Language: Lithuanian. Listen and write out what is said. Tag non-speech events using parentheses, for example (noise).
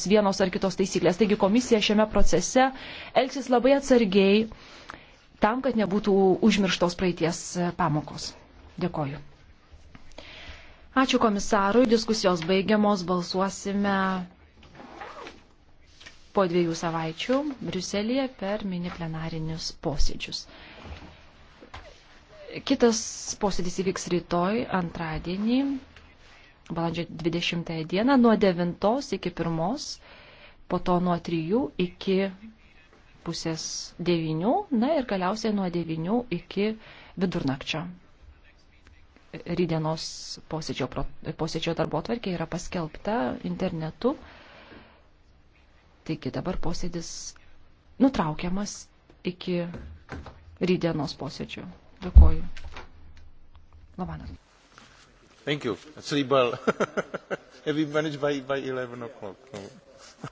taikomos vienos ar kitos taisyklės. Taigi komisija šiame procese elgsis labai atsargiai tam, kad nebūtų užmirštos praeities e, pamokos. Dėkoju. Ačiū komisarui, diskusijos baigiamos, balsuosime po dviejų savaičių Briuselėje per mini plenarinius posėdžius. Kitas posėdis įvyks rytoj, antradienį, balandžio 20 dieną nuo 9 iki 1, po to nuo 3 iki pusės 9, na ir galiausiai nuo 9 iki vidurnakčio. Rydienos posėdžio, posėdžio darbo tvarkė yra paskelbta internetu. Taigi dabar posėdis nutraukiamas iki rydienos posėdžio. Dėkoju. Lavanas. Thank you. Actually, well, (laughs) have we managed by, by 11 o'clock? No.